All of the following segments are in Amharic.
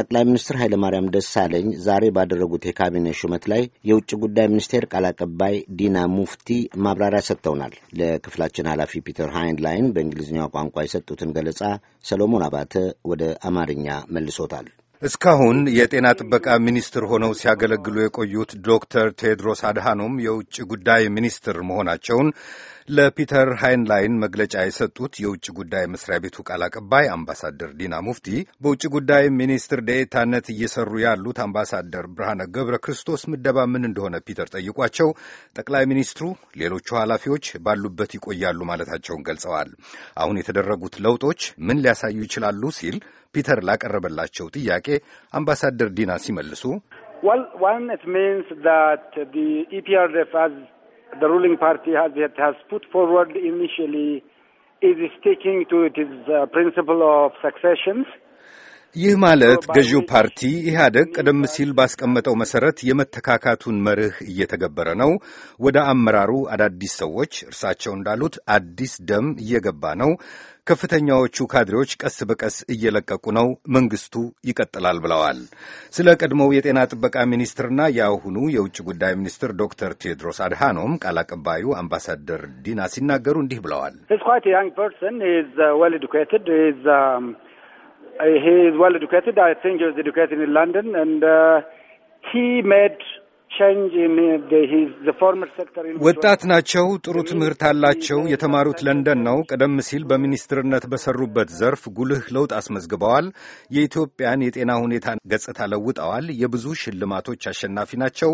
ጠቅላይ ሚኒስትር ኃይለማርያም ደሳለኝ ዛሬ ባደረጉት የካቢኔ ሹመት ላይ የውጭ ጉዳይ ሚኒስቴር ቃል አቀባይ ዲና ሙፍቲ ማብራሪያ ሰጥተውናል። ለክፍላችን ኃላፊ ፒተር ሃይንላይን በእንግሊዝኛው ቋንቋ የሰጡትን ገለጻ ሰሎሞን አባተ ወደ አማርኛ መልሶታል። እስካሁን የጤና ጥበቃ ሚኒስትር ሆነው ሲያገለግሉ የቆዩት ዶክተር ቴድሮስ አድሃኖም የውጭ ጉዳይ ሚኒስትር መሆናቸውን ለፒተር ሃይንላይን መግለጫ የሰጡት የውጭ ጉዳይ መስሪያ ቤቱ ቃል አቀባይ አምባሳደር ዲና ሙፍቲ በውጭ ጉዳይ ሚኒስትር ደኤታነት እየሰሩ ያሉት አምባሳደር ብርሃነ ገብረ ክርስቶስ ምደባ ምን እንደሆነ ፒተር ጠይቋቸው ጠቅላይ ሚኒስትሩ ሌሎቹ ኃላፊዎች ባሉበት ይቆያሉ ማለታቸውን ገልጸዋል። አሁን የተደረጉት ለውጦች ምን ሊያሳዩ ይችላሉ ሲል ፒተር ላቀረበላቸው ጥያቄ አምባሳደር ዲና ሲመልሱ the ruling party has, has put forward initially is sticking to its uh, principle of successions ይህ ማለት ገዢው ፓርቲ ኢህአደግ ቀደም ሲል ባስቀመጠው መሰረት የመተካካቱን መርህ እየተገበረ ነው። ወደ አመራሩ አዳዲስ ሰዎች እርሳቸው እንዳሉት አዲስ ደም እየገባ ነው። ከፍተኛዎቹ ካድሬዎች ቀስ በቀስ እየለቀቁ ነው። መንግስቱ ይቀጥላል ብለዋል። ስለ ቀድሞው የጤና ጥበቃ ሚኒስትርና የአሁኑ የውጭ ጉዳይ ሚኒስትር ዶክተር ቴድሮስ አድሃኖም ቃል አቀባዩ አምባሳደር ዲና ሲናገሩ እንዲህ ብለዋል። Uh, he is well educated. I think he was educated in London, and uh, he made ወጣት ናቸው። ጥሩ ትምህርት አላቸው። የተማሩት ለንደን ነው። ቀደም ሲል በሚኒስትርነት በሰሩበት ዘርፍ ጉልህ ለውጥ አስመዝግበዋል። የኢትዮጵያን የጤና ሁኔታ ገጽታ ለውጠዋል። የብዙ ሽልማቶች አሸናፊ ናቸው።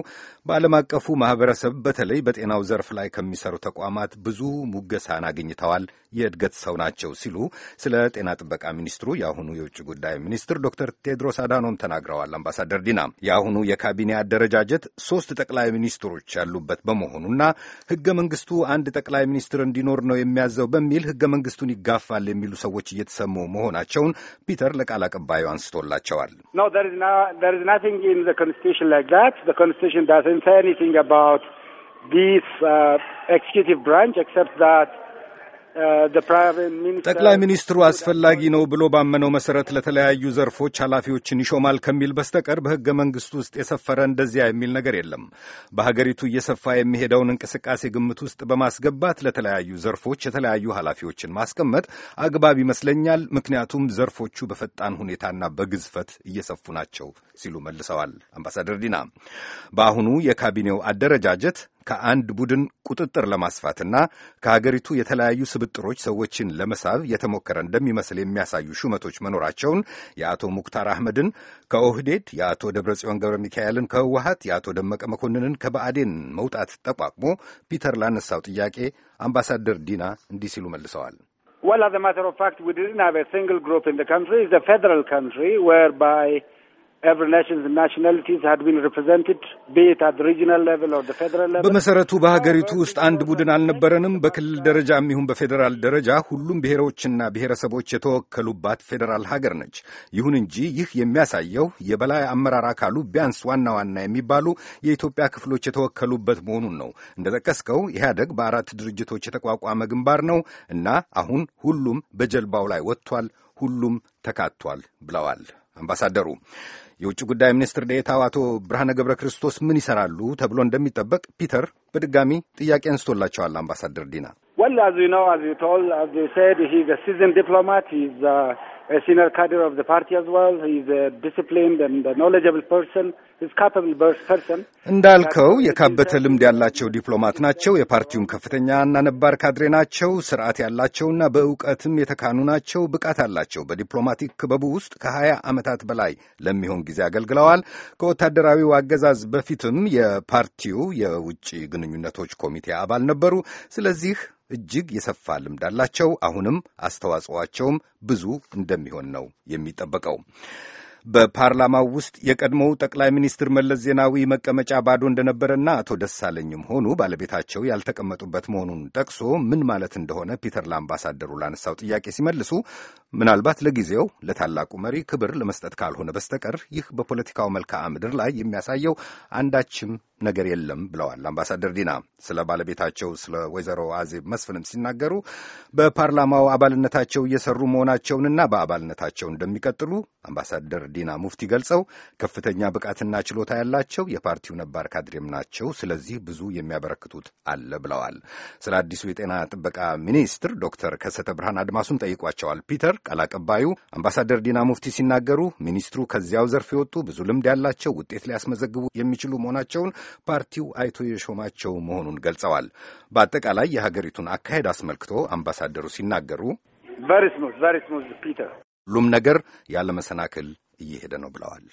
በዓለም አቀፉ ማህበረሰብ በተለይ በጤናው ዘርፍ ላይ ከሚሰሩ ተቋማት ብዙ ሙገሳን አግኝተዋል። የእድገት ሰው ናቸው ሲሉ ስለ ጤና ጥበቃ ሚኒስትሩ የአሁኑ የውጭ ጉዳይ ሚኒስትር ዶክተር ቴድሮስ አዳኖም ተናግረዋል። አምባሳደር ዲና የአሁኑ የካቢኔ አደረጃጀት ሶስት ጠቅላይ ሚኒስትሮች ያሉበት በመሆኑና ህገ መንግስቱ አንድ ጠቅላይ ሚኒስትር እንዲኖር ነው የሚያዘው በሚል ህገ መንግስቱን ይጋፋል የሚሉ ሰዎች እየተሰሙ መሆናቸውን ፒተር ለቃል አቀባዩ አንስቶላቸዋል። ኮንስቲቱሽን ዳዝንት ሴ ኤኒቲንግ አባውት ዲስ ኤክስኪዩቲቭ ብራንች ኤክሰፕት ዛት ጠቅላይ ሚኒስትሩ አስፈላጊ ነው ብሎ ባመነው መሰረት ለተለያዩ ዘርፎች ኃላፊዎችን ይሾማል ከሚል በስተቀር በሕገ መንግሥቱ ውስጥ የሰፈረ እንደዚያ የሚል ነገር የለም። በሀገሪቱ እየሰፋ የሚሄደውን እንቅስቃሴ ግምት ውስጥ በማስገባት ለተለያዩ ዘርፎች የተለያዩ ኃላፊዎችን ማስቀመጥ አግባብ ይመስለኛል። ምክንያቱም ዘርፎቹ በፈጣን ሁኔታና በግዝፈት እየሰፉ ናቸው ሲሉ መልሰዋል አምባሳደር ዲና። በአሁኑ የካቢኔው አደረጃጀት ከአንድ ቡድን ቁጥጥር ለማስፋትና ከሀገሪቱ የተለያዩ ስብጥሮች ሰዎችን ለመሳብ የተሞከረ እንደሚመስል የሚያሳዩ ሹመቶች መኖራቸውን የአቶ ሙክታር አህመድን ከኦህዴድ፣ የአቶ ደብረጽዮን ገብረ ሚካኤልን ከህወሀት፣ የአቶ ደመቀ መኮንንን ከባዕዴን መውጣት ጠቋቅሞ ፒተር ላነሳው ጥያቄ አምባሳደር ዲና እንዲህ ሲሉ መልሰዋል። well as a matter of fact we didn't have a single group in the country it's a federal country whereby በመሰረቱ በሀገሪቱ ውስጥ አንድ ቡድን አልነበረንም። በክልል ደረጃ የሚሁን በፌዴራል ደረጃ ሁሉም ብሔሮችና ብሔረሰቦች የተወከሉባት ፌዴራል ሀገር ነች። ይሁን እንጂ ይህ የሚያሳየው የበላይ አመራር አካሉ ቢያንስ ዋና ዋና የሚባሉ የኢትዮጵያ ክፍሎች የተወከሉበት መሆኑን ነው። እንደጠቀስከው ኢህአደግ በአራት ድርጅቶች የተቋቋመ ግንባር ነው እና አሁን ሁሉም በጀልባው ላይ ወጥቷል፣ ሁሉም ተካቷል ብለዋል አምባሳደሩ። የውጭ ጉዳይ ሚኒስትር ዴታው አቶ ብርሃነ ገብረ ክርስቶስ ምን ይሰራሉ ተብሎ እንደሚጠበቅ ፒተር በድጋሚ ጥያቄ አንስቶላቸዋል። አምባሳደር ዲና a senior cadre of the party as well. He's a disciplined and a knowledgeable person. He's capable person. እንዳልከው የካበተ ልምድ ያላቸው ዲፕሎማት ናቸው። የፓርቲውን ከፍተኛና ነባር ካድሬ ናቸው። ስርዓት ያላቸውና በእውቀትም የተካኑ ናቸው። ብቃት አላቸው። በዲፕሎማቲክ ክበቡ ውስጥ ከሀያ ዓመታት በላይ ለሚሆን ጊዜ አገልግለዋል። ከወታደራዊው አገዛዝ በፊትም የፓርቲው የውጭ ግንኙነቶች ኮሚቴ አባል ነበሩ። ስለዚህ እጅግ የሰፋ ልምድ አላቸው። አሁንም አስተዋጽኦአቸውም ብዙ እንደሚሆን ነው የሚጠበቀው። በፓርላማው ውስጥ የቀድሞው ጠቅላይ ሚኒስትር መለስ ዜናዊ መቀመጫ ባዶ እንደነበረና አቶ ደሳለኝም ሆኑ ባለቤታቸው ያልተቀመጡበት መሆኑን ጠቅሶ ምን ማለት እንደሆነ ፒተር ለአምባሳደሩ ላነሳው ጥያቄ ሲመልሱ ምናልባት ለጊዜው ለታላቁ መሪ ክብር ለመስጠት ካልሆነ በስተቀር ይህ በፖለቲካው መልክዓ ምድር ላይ የሚያሳየው አንዳችም ነገር የለም ብለዋል። አምባሳደር ዲና ስለ ባለቤታቸው ስለ ወይዘሮ አዜብ መስፍንም ሲናገሩ በፓርላማው አባልነታቸው እየሰሩ መሆናቸውንና በአባልነታቸው እንደሚቀጥሉ አምባሳደር ዲና ሙፍቲ ገልጸው ከፍተኛ ብቃትና ችሎታ ያላቸው የፓርቲው ነባር ካድሬም ናቸው። ስለዚህ ብዙ የሚያበረክቱት አለ ብለዋል። ስለ አዲሱ የጤና ጥበቃ ሚኒስትር ዶክተር ከሰተ ብርሃን አድማሱን ጠይቋቸዋል። ፒተር ቃል አቀባዩ አምባሳደር ዲና ሙፍቲ ሲናገሩ ሚኒስትሩ ከዚያው ዘርፍ የወጡ ብዙ ልምድ ያላቸው ውጤት ሊያስመዘግቡ የሚችሉ መሆናቸውን ፓርቲው አይቶ የሾማቸው መሆኑን ገልጸዋል። በአጠቃላይ የሀገሪቱን አካሄድ አስመልክቶ አምባሳደሩ ሲናገሩ ሁሉም ነገር ያለመሰናክል እየሄደ ነው ብለዋል።